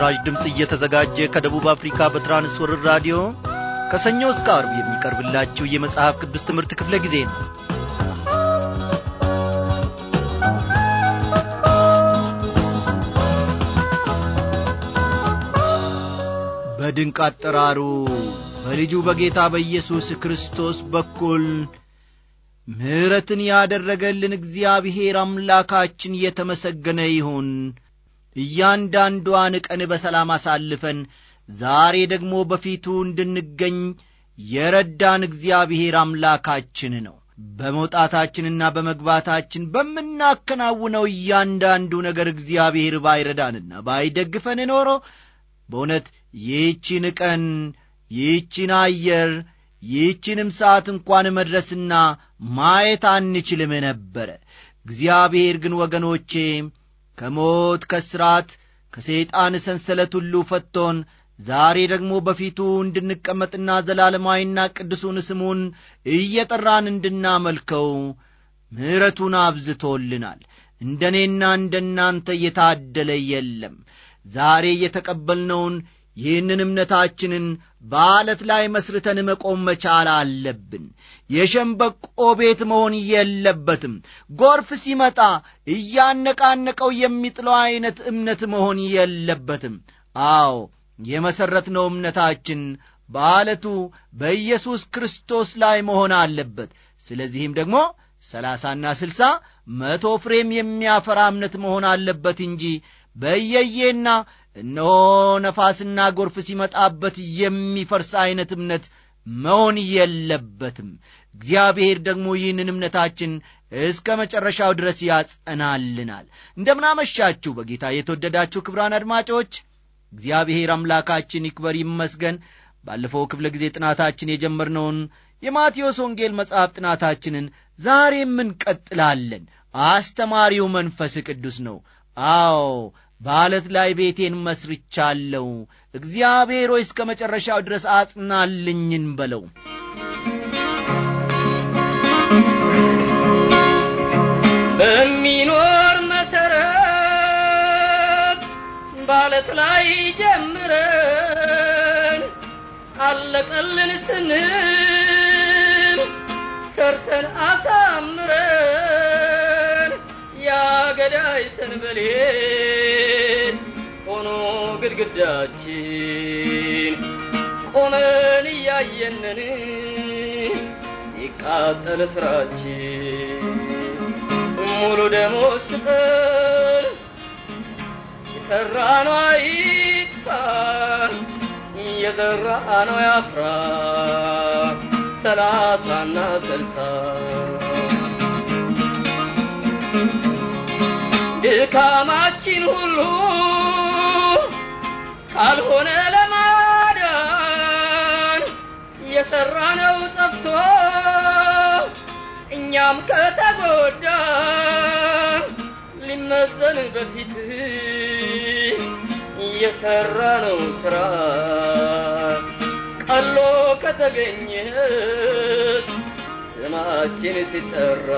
ለምስራች ድምፅ እየተዘጋጀ ከደቡብ አፍሪካ በትራንስወርር ራዲዮ ከሰኞ እስከ አርብ የሚቀርብላችሁ የመጽሐፍ ቅዱስ ትምህርት ክፍለ ጊዜ ነው በድንቅ አጠራሩ በልጁ በጌታ በኢየሱስ ክርስቶስ በኩል ምሕረትን ያደረገልን እግዚአብሔር አምላካችን የተመሰገነ ይሁን እያንዳንዷን ቀን በሰላም አሳልፈን ዛሬ ደግሞ በፊቱ እንድንገኝ የረዳን እግዚአብሔር አምላካችን ነው። በመውጣታችንና በመግባታችን በምናከናውነው እያንዳንዱ ነገር እግዚአብሔር ባይረዳንና ባይደግፈን ኖሮ በእውነት ይህችን ቀን ይህቺን አየር ይህቺንም ሰዓት እንኳን መድረስና ማየት አንችልም ነበረ። እግዚአብሔር ግን ወገኖቼ ከሞት ከስራት ከሰይጣን ሰንሰለት ሁሉ ፈቶን ዛሬ ደግሞ በፊቱ እንድንቀመጥና ዘላለማዊና ቅዱሱን ስሙን እየጠራን እንድናመልከው ምሕረቱን አብዝቶልናል። እንደ እኔና እንደ እናንተ እየታደለ የለም። ዛሬ እየተቀበልነውን ይህንን እምነታችንን በዓለት ላይ መስርተን መቆም መቻል አለብን። የሸንበቆ ቤት መሆን የለበትም። ጎርፍ ሲመጣ እያነቃነቀው የሚጥለው ዐይነት እምነት መሆን የለበትም። አዎ የመሠረትነው እምነታችን በዓለቱ በኢየሱስ ክርስቶስ ላይ መሆን አለበት። ስለዚህም ደግሞ ሰላሳና ስልሳ መቶ ፍሬም የሚያፈራ እምነት መሆን አለበት እንጂ በየዬና እነሆ ነፋስና ጎርፍ ሲመጣበት የሚፈርስ ዐይነት እምነት መሆን የለበትም እግዚአብሔር ደግሞ ይህንን እምነታችን እስከ መጨረሻው ድረስ ያጸናልናል እንደምናመሻችሁ በጌታ የተወደዳችሁ ክብራን አድማጮች እግዚአብሔር አምላካችን ይክበር ይመስገን ባለፈው ክፍለ ጊዜ ጥናታችን የጀመርነውን የማቴዎስ ወንጌል መጽሐፍ ጥናታችንን ዛሬ እንቀጥላለን አስተማሪው መንፈስ ቅዱስ ነው አዎ በአለት ላይ ቤቴን መስርቻለሁ እግዚአብሔር ሆይ እስከ መጨረሻው ድረስ አጽናልኝን በለው በሚኖር መሰረት ባለት ላይ ጀምረን አለቀልን ስንል ሰርተን አሳምረን ያገዳይ ሰንበሌ ግድግዳችን ቆመን እያየንን ሲቃጠል ስራችን ሙሉ ደሞዝ ስጠን የሰራነው የዘራ ነው ያፍራ ሰላሳና ስልሳ ድካማችን ሁሉ አልሆነ ለማዳን እየሰራ ነው ጠፍቶ እኛም ከተጎዳን ሊመዘን በፊት እየሰራ ነው ስራ ቀሎ ከተገኘስ ስማችን ሲጠራ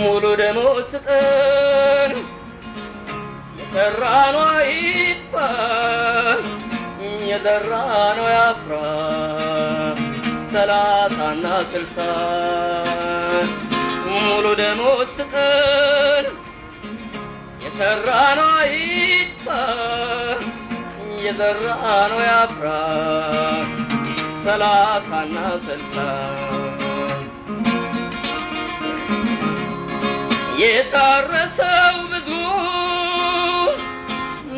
ሙሉ ደሞ ስጠን የሰራነው ያፍራል የደራ ነው ያፍራ ሰላሳና ስልሳ ሙሉ ደሞዝ ስጠን የሰራ ነው ይጥፋ የዘራ ነው ያፍራ ሰላሳና ስልሳ የታረሰው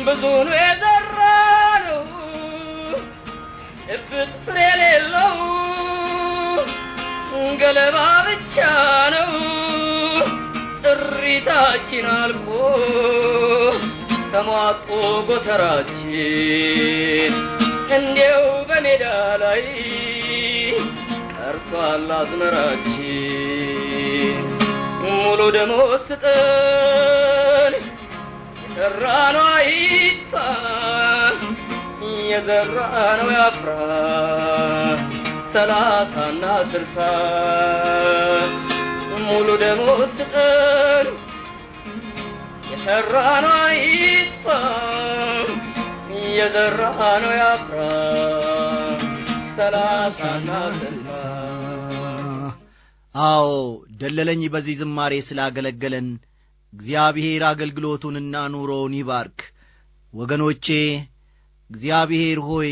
ብዙ ነው የዘራነው ጭብጥ ፍሬ የሌለው ገለባ ብቻ ነው ጥሪታችን አልቆ ተሟጦ ጎተራችን እንዲው በሜዳ ላይ ቀርቷል አዝመራችን ሙሉ ደሞ ስጠ የዘራነው አይጣ ነው ያፍራ ሰላሳና ስልሳ ሙሉ ደሞዝ ስጠን የሰራነው አይጣ የዘራነው ያፍራ ሰላሳና ስልሳ አዎ ደለለኝ በዚህ ዝማሬ ስላገለገለን እግዚአብሔር አገልግሎቱንና ኑሮውን ይባርክ። ወገኖቼ እግዚአብሔር ሆይ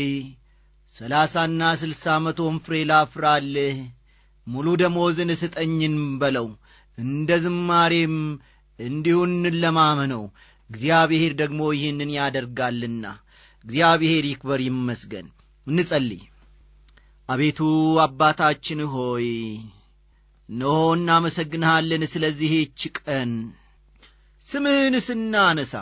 ሰላሳና ስልሳ መቶም ፍሬ ላፍራልህ ሙሉ ደሞዝን ስጠኝን በለው እንደ ዝማሬም እንዲሁን ለማመነው እግዚአብሔር ደግሞ ይህንን ያደርጋልና እግዚአብሔር ይክበር ይመስገን። እንጸልይ። አቤቱ አባታችን ሆይ እነሆ እናመሰግንሃለን ስለዚህች ቀን ስምህን ስናነሳ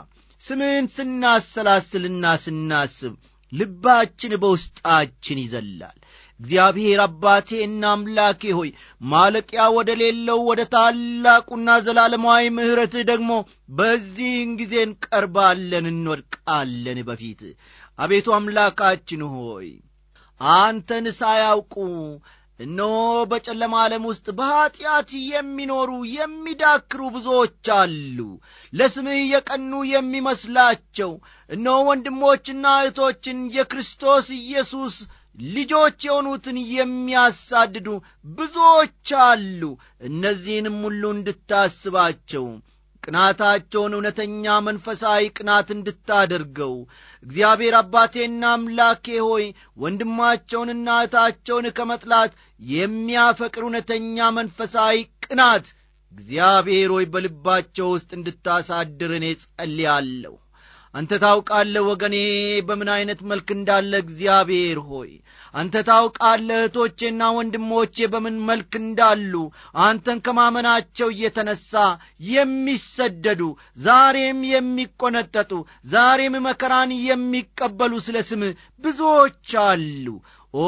ስምህን ስናሰላስልና ስናስብ ልባችን በውስጣችን ይዘላል። እግዚአብሔር አባቴና አምላኬ ሆይ ማለቂያ ወደ ሌለው ወደ ታላቁና ዘላለማዊ ምሕረትህ ደግሞ በዚህን ጊዜ እንቀርባለን፣ እንወድቃለን በፊት አቤቱ አምላካችን ሆይ አንተን ሳያውቁ እነሆ በጨለማ ዓለም ውስጥ በኀጢአት የሚኖሩ የሚዳክሩ ብዙዎች አሉ። ለስምህ የቀኑ የሚመስላቸው እነሆ ወንድሞችና እህቶችን የክርስቶስ ኢየሱስ ልጆች የሆኑትን የሚያሳድዱ ብዙዎች አሉ። እነዚህንም ሁሉ እንድታስባቸው ቅናታቸውን እውነተኛ መንፈሳዊ ቅናት እንድታደርገው እግዚአብሔር አባቴና አምላኬ ሆይ ወንድማቸውንና እህታቸውን ከመጥላት የሚያፈቅር እውነተኛ መንፈሳዊ ቅናት እግዚአብሔር ሆይ በልባቸው ውስጥ እንድታሳድር እኔ ጸልያለሁ። አንተ ታውቃለህ ወገኔ በምን ዐይነት መልክ እንዳለ እግዚአብሔር ሆይ አንተ ታውቃለህ እህቶቼና ወንድሞቼ በምን መልክ እንዳሉ አንተን ከማመናቸው እየተነሣ የሚሰደዱ ዛሬም የሚቈነጠጡ ዛሬም መከራን የሚቀበሉ ስለ ስምህ ብዙዎች አሉ ኦ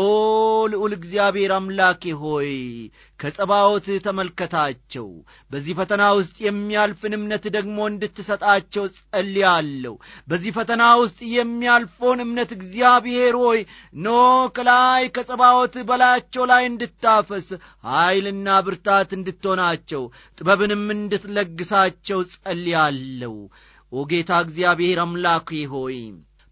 ልዑል እግዚአብሔር አምላኬ ሆይ ከጸባዖት ተመልከታቸው፣ በዚህ ፈተና ውስጥ የሚያልፍን እምነት ደግሞ እንድትሰጣቸው ጸልያለሁ። በዚህ ፈተና ውስጥ የሚያልፈውን እምነት እግዚአብሔር ሆይ ኖ ከላይ ከጸባዖት በላያቸው ላይ እንድታፈስ ኀይልና ብርታት እንድትሆናቸው ጥበብንም እንድትለግሳቸው ጸልያለሁ። ኦ ጌታ እግዚአብሔር አምላኬ ሆይ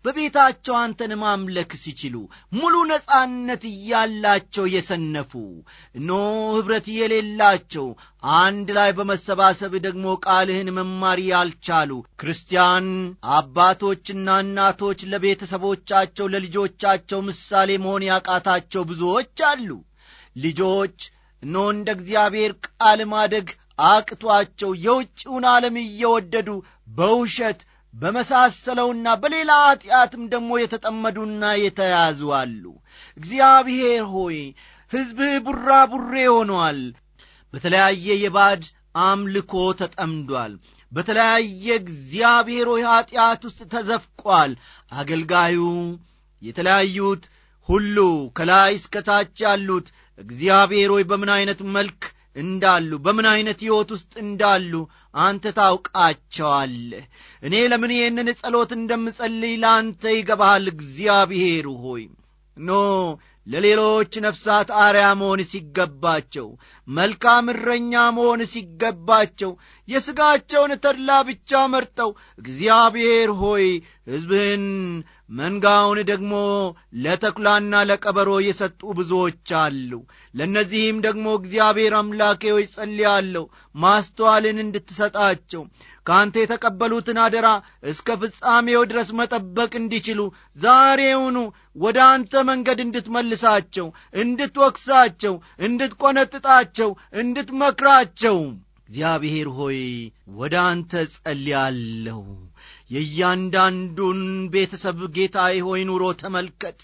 በቤታቸው አንተን ማምለክ ሲችሉ ሙሉ ነጻነት እያላቸው የሰነፉ እኖ ኅብረት የሌላቸው አንድ ላይ በመሰባሰብ ደግሞ ቃልህን መማር ያልቻሉ ክርስቲያን አባቶችና እናቶች ለቤተሰቦቻቸው ለልጆቻቸው ምሳሌ መሆን ያቃታቸው ብዙዎች አሉ ልጆች እኖ እንደ እግዚአብሔር ቃል ማደግ አቅቷቸው የውጭውን ዓለም እየወደዱ በውሸት በመሳሰለውና በሌላ ኀጢአትም ደግሞ የተጠመዱና የተያዙ አሉ። እግዚአብሔር ሆይ ሕዝብህ ቡራቡሬ ሆኗል። በተለያየ የባድ አምልኮ ተጠምዷል። በተለያየ እግዚአብሔር ሆይ ኀጢአት ውስጥ ተዘፍቋል። አገልጋዩ የተለያዩት ሁሉ ከላይ እስከ ታች ያሉት እግዚአብሔር ሆይ በምን ዐይነት መልክ እንዳሉ በምን ዐይነት ሕይወት ውስጥ እንዳሉ አንተ ታውቃቸዋለህ። እኔ ለምን ይህንን ጸሎት እንደምጸልይ ለአንተ ይገባሃል። እግዚአብሔር ሆይ ኖ ለሌሎች ነፍሳት አርያ መሆን ሲገባቸው፣ መልካም እረኛ መሆን ሲገባቸው የሥጋቸውን ተድላ ብቻ መርጠው እግዚአብሔር ሆይ ሕዝብህን መንጋውን ደግሞ ለተኩላና ለቀበሮ የሰጡ ብዙዎች አሉ። ለእነዚህም ደግሞ እግዚአብሔር አምላኬ ሆይ ጸልያለሁ፣ ማስተዋልን እንድትሰጣቸው ከአንተ የተቀበሉትን አደራ እስከ ፍጻሜው ድረስ መጠበቅ እንዲችሉ ዛሬውኑ ወደ አንተ መንገድ እንድትመልሳቸው፣ እንድትወቅሳቸው፣ እንድትቈነጥጣቸው፣ እንድትመክራቸው እግዚአብሔር ሆይ ወደ አንተ ጸልያለሁ የእያንዳንዱን ቤተሰብ ጌታ ሆይ ኑሮ ተመልከት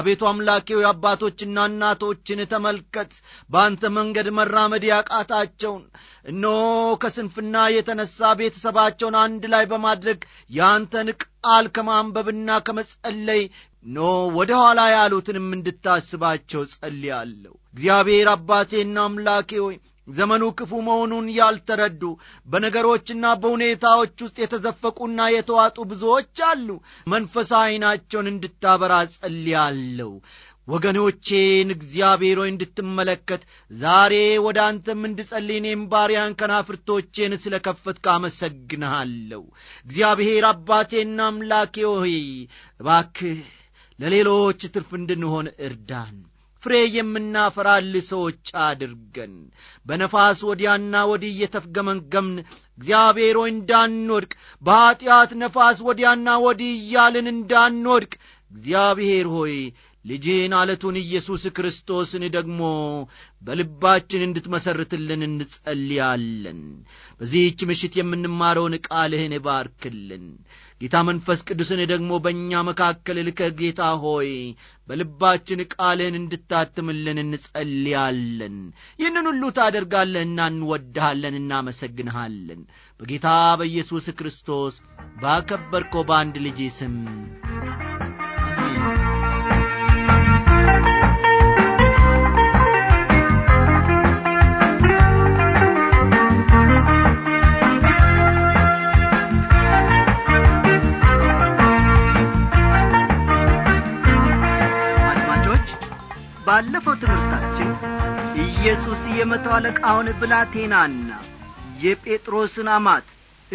አቤቱ አምላኬ ሆይ አባቶችና እናቶችን ተመልከት በአንተ መንገድ መራመድ ያቃታቸውን እኖ ከስንፍና የተነሳ ቤተሰባቸውን አንድ ላይ በማድረግ የአንተን ቃል ከማንበብና ከመጸለይ ኖ ወደ ኋላ ያሉትንም እንድታስባቸው ጸልያለሁ እግዚአብሔር አባቴና አምላኬ ሆይ ዘመኑ ክፉ መሆኑን ያልተረዱ በነገሮችና በሁኔታዎች ውስጥ የተዘፈቁና የተዋጡ ብዙዎች አሉ። መንፈሳዊ ዓይናቸውን እንድታበራ ጸልያለሁ። ወገኖቼን እግዚአብሔር እንድትመለከት ዛሬ ወደ አንተም እንድጸልይ እኔም ባሪያን ከናፍርቶቼን ስለ ከፈትከ አመሰግንሃለሁ። እግዚአብሔር አባቴና አምላኬ ሆይ እባክህ ለሌሎች ትርፍ እንድንሆን እርዳን። ፍሬ የምናፈራል ሰዎች አድርገን በነፋስ ወዲያና ወዲህ እየተፍገመገምን እግዚአብሔር ሆይ እንዳንወድቅ በኀጢአት ነፋስ ወዲያና ወዲህ እያልን እንዳንወድቅ እግዚአብሔር ሆይ ልጅህን አለቱን ኢየሱስ ክርስቶስን ደግሞ በልባችን እንድትመሠርትልን እንጸልያለን። በዚህች ምሽት የምንማረውን ቃልህን ባርክልን። ጌታ መንፈስ ቅዱስን ደግሞ በእኛ መካከል ልከ ጌታ ሆይ በልባችን ቃልህን እንድታትምልን እንጸልያለን። ይህንን ሁሉ ታደርጋለህና እንወድሃለን፣ እናመሰግንሃለን። በጌታ በኢየሱስ ክርስቶስ ባከበርኮ በአንድ ልጅ ስም የመቶ አለቃውን ብላቴናና የጴጥሮስን አማት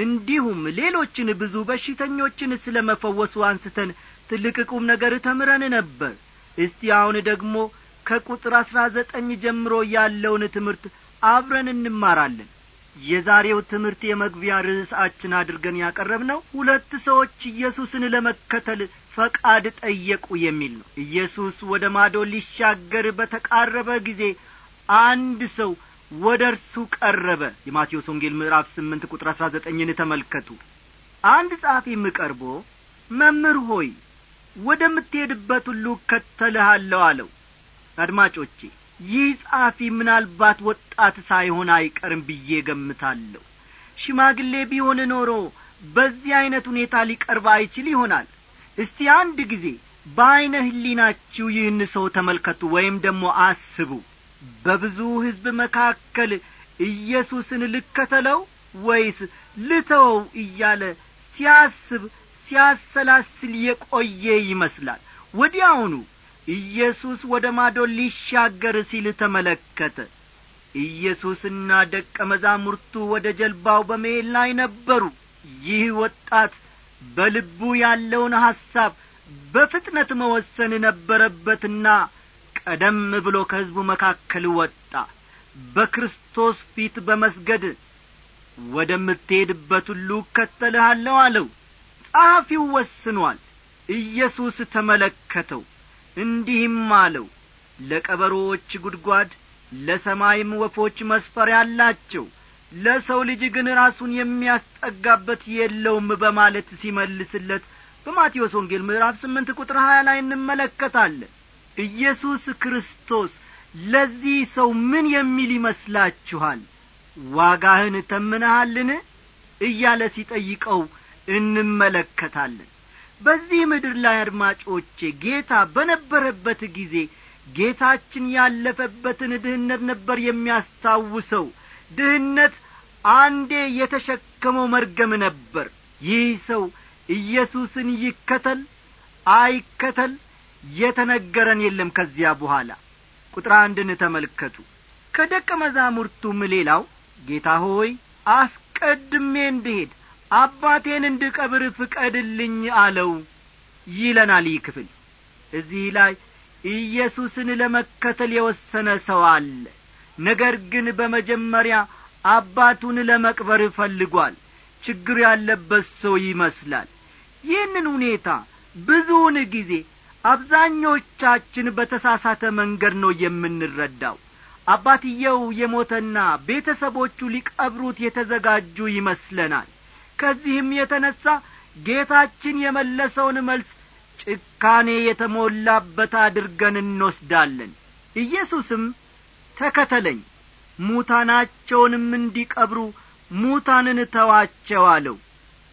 እንዲሁም ሌሎችን ብዙ በሽተኞችን ስለ መፈወሱ አንስተን ትልቅ ቁም ነገር ተምረን ነበር እስቲ አሁን ደግሞ ከቁጥር አሥራ ዘጠኝ ጀምሮ ያለውን ትምህርት አብረን እንማራለን የዛሬው ትምህርት የመግቢያ ርዕሳችን አድርገን ያቀረብ ነው ሁለት ሰዎች ኢየሱስን ለመከተል ፈቃድ ጠየቁ የሚል ነው ኢየሱስ ወደ ማዶ ሊሻገር በተቃረበ ጊዜ አንድ ሰው ወደ እርሱ ቀረበ የማቴዎስ ወንጌል ምዕራፍ ስምንት ቁጥር አሥራ ዘጠኝን ተመልከቱ አንድ ጸሐፊም ቀርቦ መምህር ሆይ ወደምትሄድበት ሁሉ እከተልሃለሁ አለው አድማጮቼ ይህ ጸሐፊ ምናልባት ወጣት ሳይሆን አይቀርም ብዬ ገምታለሁ ሽማግሌ ቢሆን ኖሮ በዚህ ዐይነት ሁኔታ ሊቀርብ አይችል ይሆናል እስቲ አንድ ጊዜ በዐይነ ህሊናችሁ ይህን ሰው ተመልከቱ ወይም ደግሞ አስቡ በብዙ ሕዝብ መካከል ኢየሱስን ልከተለው ወይስ ልተወው እያለ ሲያስብ ሲያሰላስል የቆየ ይመስላል ወዲያውኑ ኢየሱስ ወደ ማዶ ሊሻገር ሲል ተመለከተ ኢየሱስና ደቀ መዛሙርቱ ወደ ጀልባው በመሄድ ላይ ነበሩ ይህ ወጣት በልቡ ያለውን ሐሳብ በፍጥነት መወሰን ነበረበትና ቀደም ብሎ ከሕዝቡ መካከል ወጣ በክርስቶስ ፊት በመስገድ ወደምትሄድበት ሁሉ እከተልሃለሁ አለው ጸሐፊው ወስኗል ኢየሱስ ተመለከተው እንዲህም አለው ለቀበሮዎች ጉድጓድ ለሰማይም ወፎች መስፈሪያ አላቸው ለሰው ልጅ ግን ራሱን የሚያስጠጋበት የለውም በማለት ሲመልስለት በማቴዎስ ወንጌል ምዕራፍ ስምንት ቁጥር ሀያ ላይ እንመለከታለን ኢየሱስ ክርስቶስ ለዚህ ሰው ምን የሚል ይመስላችኋል ዋጋህን ተምነሃልን እያለ ሲጠይቀው እንመለከታለን በዚህ ምድር ላይ አድማጮቼ ጌታ በነበረበት ጊዜ ጌታችን ያለፈበትን ድህነት ነበር የሚያስታውሰው ድህነት አንዴ የተሸከመው መርገም ነበር ይህ ሰው ኢየሱስን ይከተል አይከተል የተነገረን የለም ከዚያ በኋላ ቁጥር አንድን ተመልከቱ ከደቀ መዛሙርቱም ሌላው ጌታ ሆይ አስቀድሜ እንድሄድ አባቴን እንድቀብር ፍቀድልኝ አለው ይለናል ይህ ክፍል እዚህ ላይ ኢየሱስን ለመከተል የወሰነ ሰው አለ ነገር ግን በመጀመሪያ አባቱን ለመቅበር ፈልጓል ችግር ያለበት ሰው ይመስላል ይህንን ሁኔታ ብዙውን ጊዜ አብዛኞቻችን በተሳሳተ መንገድ ነው የምንረዳው አባትየው የሞተና ቤተሰቦቹ ሊቀብሩት የተዘጋጁ ይመስለናል ከዚህም የተነሣ ጌታችን የመለሰውን መልስ ጭካኔ የተሞላበት አድርገን እንወስዳለን ኢየሱስም ተከተለኝ ሙታናቸውንም እንዲቀብሩ ሙታንን ተዋቸው አለው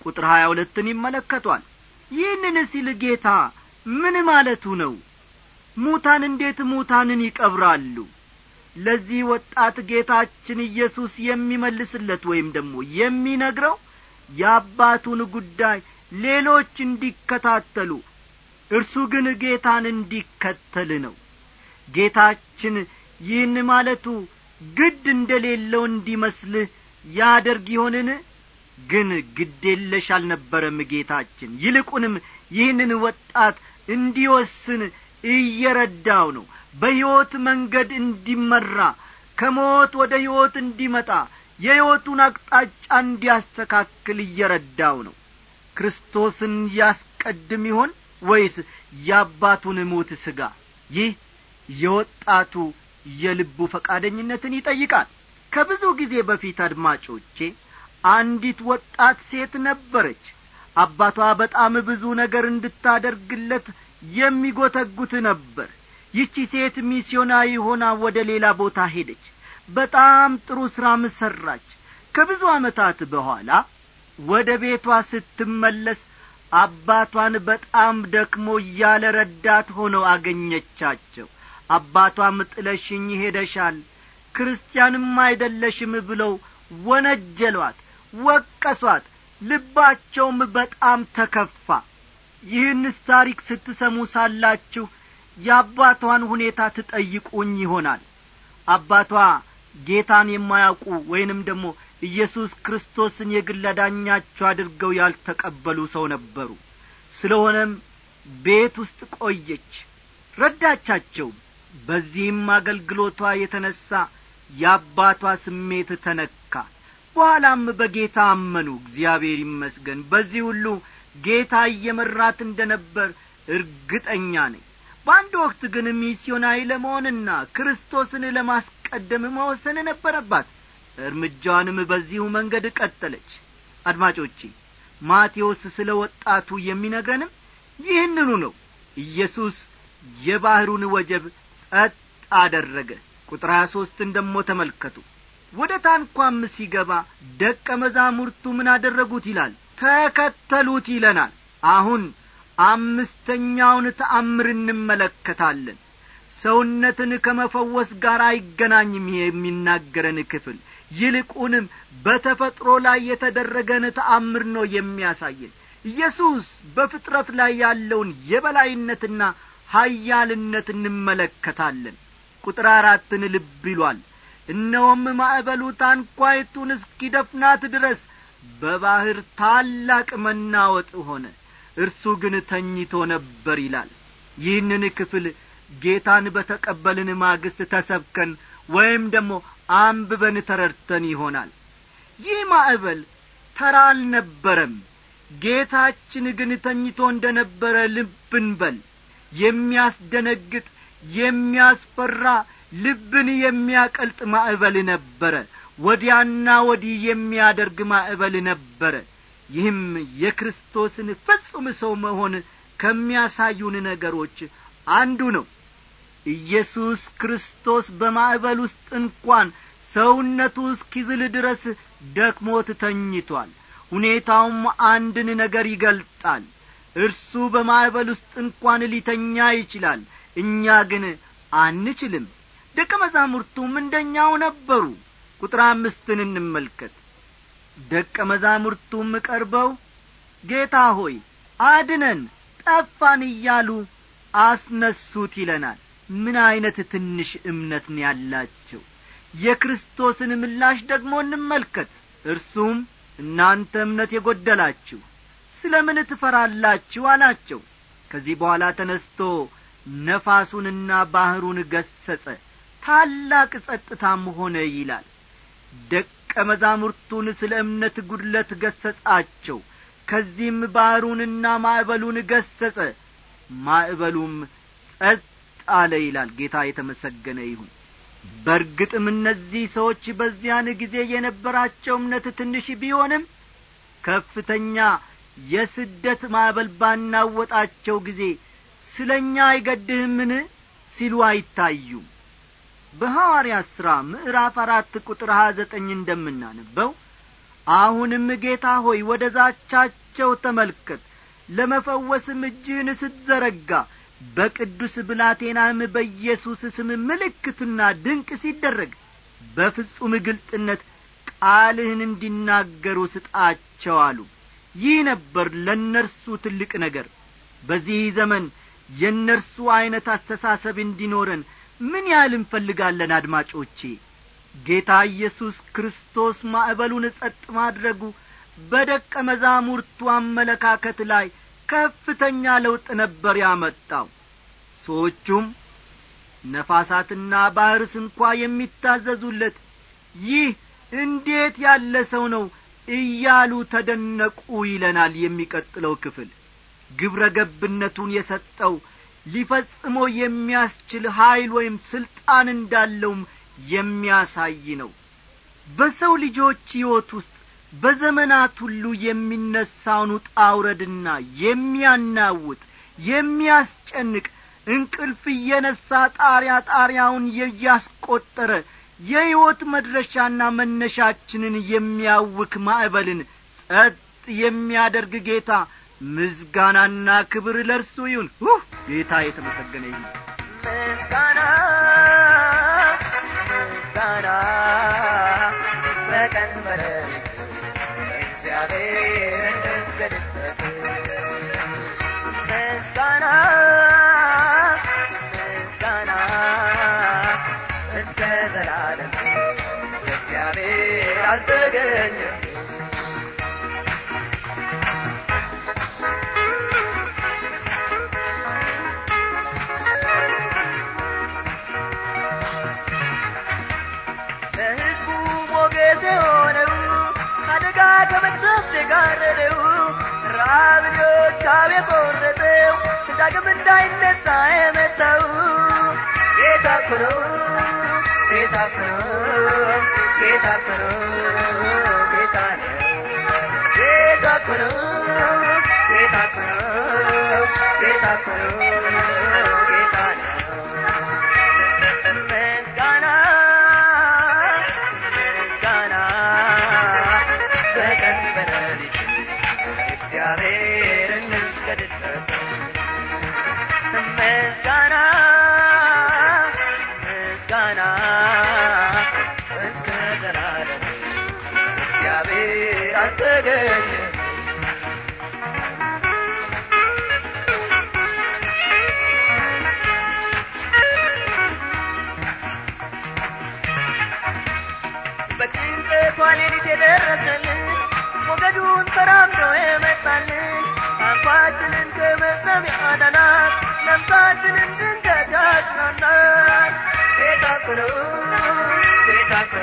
ቁጥር ሀያ ሁለትን ይመለከቷል ይህንን ሲል ጌታ ምን ማለቱ ነው ሙታን እንዴት ሙታንን ይቀብራሉ ለዚህ ወጣት ጌታችን ኢየሱስ የሚመልስለት ወይም ደግሞ የሚነግረው የአባቱን ጉዳይ ሌሎች እንዲከታተሉ እርሱ ግን ጌታን እንዲከተል ነው ጌታችን ይህን ማለቱ ግድ እንደሌለው እንዲመስልህ ያደርግ ይሆንን ግን ግድ የለሽ አልነበረም ጌታችን ይልቁንም ይህንን ወጣት እንዲወስን እየረዳው ነው በሕይወት መንገድ እንዲመራ ከሞት ወደ ሕይወት እንዲመጣ የሕይወቱን አቅጣጫ እንዲያስተካክል እየረዳው ነው ክርስቶስን ያስቀድም ይሆን ወይስ የአባቱን ሞት ሥጋ ይህ የወጣቱ የልቡ ፈቃደኝነትን ይጠይቃል ከብዙ ጊዜ በፊት አድማጮቼ አንዲት ወጣት ሴት ነበረች አባቷ በጣም ብዙ ነገር እንድታደርግለት የሚጐተጉት ነበር ይቺ ሴት ሚስዮናዊ ሆና ወደ ሌላ ቦታ ሄደች በጣም ጥሩ ሥራ ምሠራች ከብዙ ዓመታት በኋላ ወደ ቤቷ ስትመለስ አባቷን በጣም ደክሞ እያለ ረዳት ሆነው አገኘቻቸው አባቷም ጥለሽኝ ሄደሻል ክርስቲያንም አይደለሽም ብለው ወነጀሏት ወቀሷት ልባቸውም በጣም ተከፋ ይህንስ ታሪክ ስትሰሙ ሳላችሁ የአባቷን ሁኔታ ትጠይቁኝ ይሆናል አባቷ ጌታን የማያውቁ ወይንም ደግሞ ኢየሱስ ክርስቶስን የግለዳኛቸው አድርገው ያልተቀበሉ ሰው ነበሩ ስለሆነም ቤት ውስጥ ቆየች ረዳቻቸው በዚህም አገልግሎቷ የተነሣ የአባቷ ስሜት ተነካ በኋላም በጌታ አመኑ እግዚአብሔር ይመስገን በዚህ ሁሉ ጌታ እየመራት እንደ ነበር እርግጠኛ ነኝ በአንድ ወቅት ግን ሚስዮናዊ ለመሆንና ክርስቶስን ለማስቀደም መወሰን ነበረባት እርምጃዋንም በዚሁ መንገድ ቀጠለች አድማጮቼ ማቴዎስ ስለ ወጣቱ የሚነግረንም ይህንኑ ነው ኢየሱስ የባሕሩን ወጀብ ጸጥ አደረገ ቁጥር ሀያ ሦስትን ደሞ ተመልከቱ ወደ ታንኳም ሲገባ ደቀ መዛሙርቱ ምን አደረጉት ይላል ተከተሉት ይለናል አሁን አምስተኛውን ተአምር እንመለከታለን ሰውነትን ከመፈወስ ጋር አይገናኝም የሚናገረን ክፍል ይልቁንም በተፈጥሮ ላይ የተደረገን ተአምር ነው የሚያሳየን ኢየሱስ በፍጥረት ላይ ያለውን የበላይነትና ሀያልነት እንመለከታለን ቁጥር አራትን ልብ ይሏል እነሆም ማዕበሉ ታንኳይቱን እስኪደፍናት ድረስ በባሕር ታላቅ መናወጥ ሆነ እርሱ ግን ተኝቶ ነበር ይላል ይህንን ክፍል ጌታን በተቀበልን ማግስት ተሰብከን ወይም ደግሞ አንብበን ተረድተን ይሆናል ይህ ማዕበል ተራ አልነበረም ጌታችን ግን ተኝቶ እንደ ነበረ ልብ የሚያስደነግጥ የሚያስፈራ ልብን የሚያቀልጥ ማዕበል ነበረ ወዲያና ወዲህ የሚያደርግ ማዕበል ነበረ ይህም የክርስቶስን ፍጹም ሰው መሆን ከሚያሳዩን ነገሮች አንዱ ነው ኢየሱስ ክርስቶስ በማዕበል ውስጥ እንኳን ሰውነቱ እስኪዝል ድረስ ደክሞት ተኝቷል ሁኔታውም አንድን ነገር ይገልጣል እርሱ በማዕበል ውስጥ እንኳን ሊተኛ ይችላል እኛ ግን አንችልም ደቀ መዛሙርቱም እንደኛው ነበሩ ቁጥር አምስትን እንመልከት ደቀ መዛሙርቱም ቀርበው ጌታ ሆይ አድነን ጠፋን እያሉ አስነሱት ይለናል ምን ዐይነት ትንሽ እምነት ነው ያላቸው የክርስቶስን ምላሽ ደግሞ እንመልከት እርሱም እናንተ እምነት የጐደላችሁ ስለ ምን ትፈራላችሁ አላቸው ከዚህ በኋላ ተነስቶ ነፋሱንና ባሕሩን ገሰጸ ታላቅ ጸጥታም ሆነ ይላል ደቀ መዛሙርቱን ስለ እምነት ጒድለት ገሰጻቸው ከዚህም ባሕሩንና ማዕበሉን ገሰጸ ማዕበሉም ጸጥ አለ ይላል ጌታ የተመሰገነ ይሁን በርግጥም እነዚህ ሰዎች በዚያን ጊዜ የነበራቸው እምነት ትንሽ ቢሆንም ከፍተኛ የስደት ማዕበል ባናወጣቸው ጊዜ ስለ እኛ አይገድህምን ሲሉ አይታዩም በሐዋርያት ሥራ ምዕራፍ አራት ቁጥር ሀያ ዘጠኝ እንደምናነበው አሁንም ጌታ ሆይ ወደ ዛቻቸው ተመልከት ለመፈወስም እጅህን ስትዘረጋ በቅዱስ ብላቴናም በኢየሱስ ስም ምልክትና ድንቅ ሲደረግ በፍጹም ግልጥነት ቃልህን እንዲናገሩ ስጣቸው አሉ ይህ ነበር ለእነርሱ ትልቅ ነገር በዚህ ዘመን የእነርሱ ዐይነት አስተሳሰብ እንዲኖረን ምን ያህል እንፈልጋለን አድማጮቼ ጌታ ኢየሱስ ክርስቶስ ማዕበሉን ጸጥ ማድረጉ በደቀ መዛሙርቱ አመለካከት ላይ ከፍተኛ ለውጥ ነበር ያመጣው ሰዎቹም ነፋሳትና ባሕር ስንኳ የሚታዘዙለት ይህ እንዴት ያለ ሰው ነው እያሉ ተደነቁ ይለናል የሚቀጥለው ክፍል ግብረ ገብነቱን የሰጠው ሊፈጽሞ የሚያስችል ኀይል ወይም ሥልጣን እንዳለውም የሚያሳይ ነው በሰው ልጆች ሕይወት ውስጥ በዘመናት ሁሉ የሚነሳውን ጣውረድና የሚያናውጥ የሚያስጨንቅ እንቅልፍ እየነሣ ጣሪያ ጣሪያውን እያስቈጠረ የሕይወት መድረሻና መነሻችንን የሚያውክ ማዕበልን ጸጥ የሚያደርግ ጌታ ምስጋናና ክብር ለርሱ ይሁን ጌታ የተመሰገነ ይሁን ምስጋና ምስጋና በቀን በለ እግዚአብሔር እንደስገድበት ore bore deu jag midai ne sae me tau ye ta karo ye ta karo ye ta karo ye ta ne ye ta karo ye ta karo ye ta karo ነፍሳችን እንድንገዳጽናና ጌታ ፍሩ ጌታ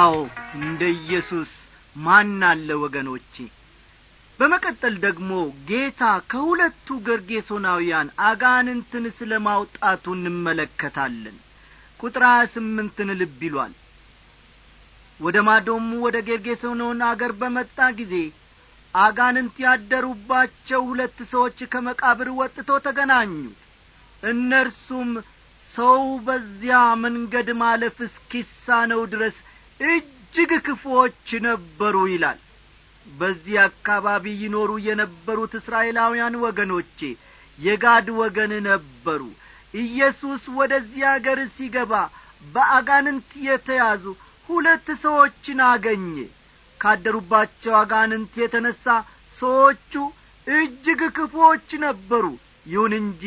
አዎ እንደ ኢየሱስ አለ ወገኖቼ በመቀጠል ደግሞ ጌታ ከሁለቱ ገርጌሶናውያን አጋንንትን ስለ ማውጣቱ እንመለከታለን ቁጥር ሀያ ስምንትን ልብ ይሏል ወደ ማዶሙ ወደ ጌርጌሶኖን አገር በመጣ ጊዜ አጋንንት ያደሩባቸው ሁለት ሰዎች ከመቃብር ወጥቶ ተገናኙ እነርሱም ሰው በዚያ መንገድ ማለፍ እስኪሳነው ድረስ እጅ እጅግ ክፉዎች ነበሩ ይላል በዚህ አካባቢ ይኖሩ የነበሩት እስራኤላውያን ወገኖቼ የጋድ ወገን ነበሩ ኢየሱስ ወደዚህ አገር ሲገባ በአጋንንት የተያዙ ሁለት ሰዎችን አገኘ ካደሩባቸው አጋንንት የተነሣ ሰዎቹ እጅግ ክፉዎች ነበሩ ይሁን እንጂ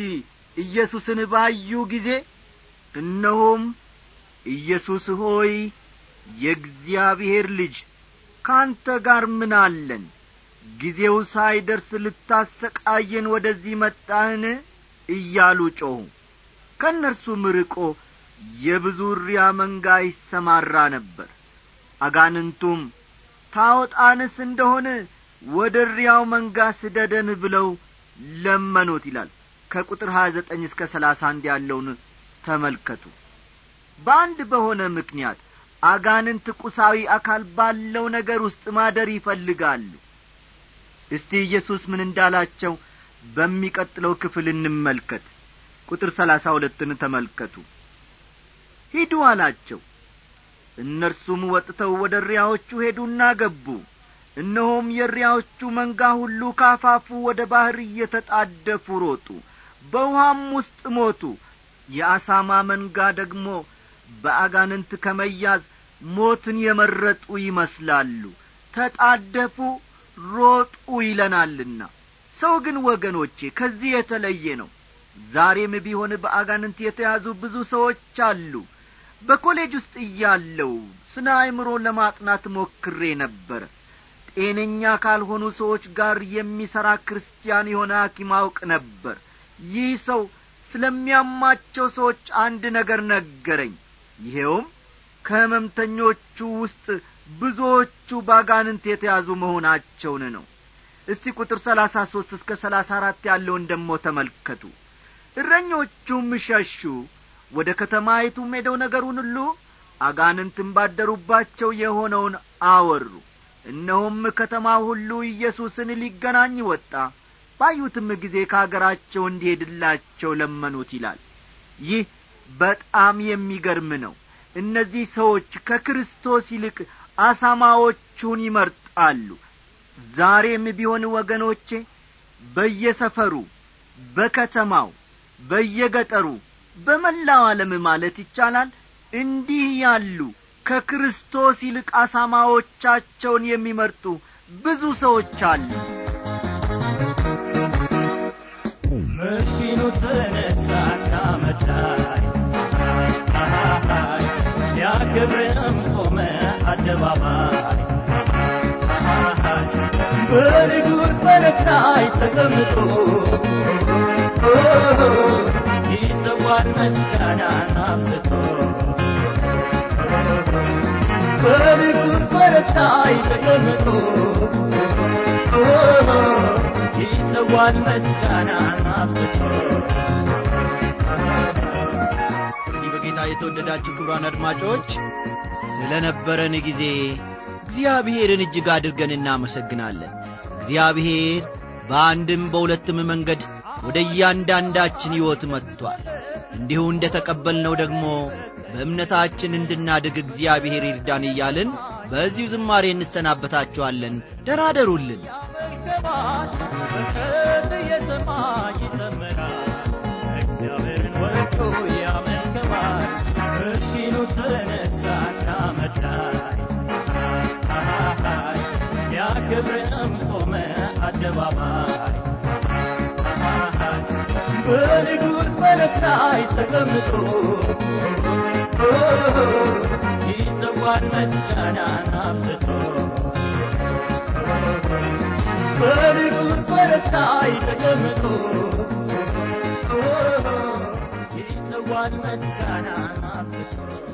ኢየሱስን ባዩ ጊዜ እነሆም ኢየሱስ ሆይ የእግዚአብሔር ልጅ ካንተ ጋር ምን አለን ጊዜው ሳይደርስ ልታሰቃየን ወደዚህ መጣህን እያሉ ጮኹ ከእነርሱም ርቆ የብዙ ሪያ መንጋ ይሰማራ ነበር አጋንንቱም ታወጣንስ እንደሆነ ወደ ሪያው መንጋ ስደደን ብለው ለመኖት ይላል ከቁጥር ሀያ ዘጠኝ እስከ ሰላሳ አንድ ያለውን ተመልከቱ በአንድ በሆነ ምክንያት አጋንንት ቁሳዊ አካል ባለው ነገር ውስጥ ማደር ይፈልጋሉ እስቲ ኢየሱስ ምን እንዳላቸው በሚቀጥለው ክፍል እንመልከት ቁጥር ሰላሳ ሁለትን ተመልከቱ ሂዱ አላቸው እነርሱም ወጥተው ወደ ሪያዎቹ ሄዱና ገቡ እነሆም የሪያዎቹ መንጋ ሁሉ ካፋፉ ወደ ባሕር እየተጣደፉ ሮጡ በውሃም ውስጥ ሞቱ የአሳማ መንጋ ደግሞ በአጋንንት ከመያዝ ሞትን የመረጡ ይመስላሉ ተጣደፉ ሮጡ ይለናልና ሰው ግን ወገኖቼ ከዚህ የተለየ ነው ዛሬም ቢሆን በአጋንንት የተያዙ ብዙ ሰዎች አሉ በኮሌጅ ውስጥ እያለው ስነ አእምሮ ለማጥናት ሞክሬ ነበር ጤነኛ ካልሆኑ ሰዎች ጋር የሚሠራ ክርስቲያን የሆነ ሐኪም አውቅ ነበር ይህ ሰው ስለሚያማቸው ሰዎች አንድ ነገር ነገረኝ ይሄውም ከህመምተኞቹ ውስጥ ብዙዎቹ ባጋንንት የተያዙ መሆናቸውን ነው እስቲ ቁጥር ሰላሳ ሦስት እስከ ሰላሳ አራት ያለውን ደሞ ተመልከቱ እረኞቹም ሸሹ ወደ ከተማይቱ ሄደው ነገሩን ሁሉ አጋንንትም ባደሩባቸው የሆነውን አወሩ እነሆም ከተማ ሁሉ ኢየሱስን ሊገናኝ ወጣ ባዩትም ጊዜ ከአገራቸው እንዲሄድላቸው ለመኑት ይላል ይህ በጣም የሚገርም ነው እነዚህ ሰዎች ከክርስቶስ ይልቅ አሳማዎቹን ይመርጣሉ ዛሬም ቢሆን ወገኖቼ በየሰፈሩ በከተማው በየገጠሩ በመላው ዓለም ማለት ይቻላል እንዲህ ያሉ ከክርስቶስ ይልቅ አሳማዎቻቸውን የሚመርጡ ብዙ ሰዎች አሉ በንጉሥ በረት ላይ ተቀምጦ ይሰዋል አብዝቶ በንጉሥ ላይ ተቀምጦ ይሰዋል አብዝቶ የተወደዳችሁ አድማጮች ስለነበረን ጊዜ እግዚአብሔርን እጅግ አድርገን እናመሰግናለን እግዚአብሔር በአንድም በሁለትም መንገድ ወደ እያንዳንዳችን ሕይወት መጥቷል። እንዲሁ እንደ ተቀበልነው ደግሞ በእምነታችን እንድናድግ እግዚአብሔር ይርዳን እያልን በዚሁ ዝማሬ እንሰናበታችኋለን። ደራደሩልን እግዚአብሔርን ወርቁ ያመልከባል ተነሳ ካመዳል አደባባይ በንጉሥ ፈረስ ላይ ተቀምጦ ይሰዋል ምስጋናን አብዝቶ በንጉሥ ፈረስ ላይ ተቀምጦ ይሰዋል ምስጋናን አብዝቶ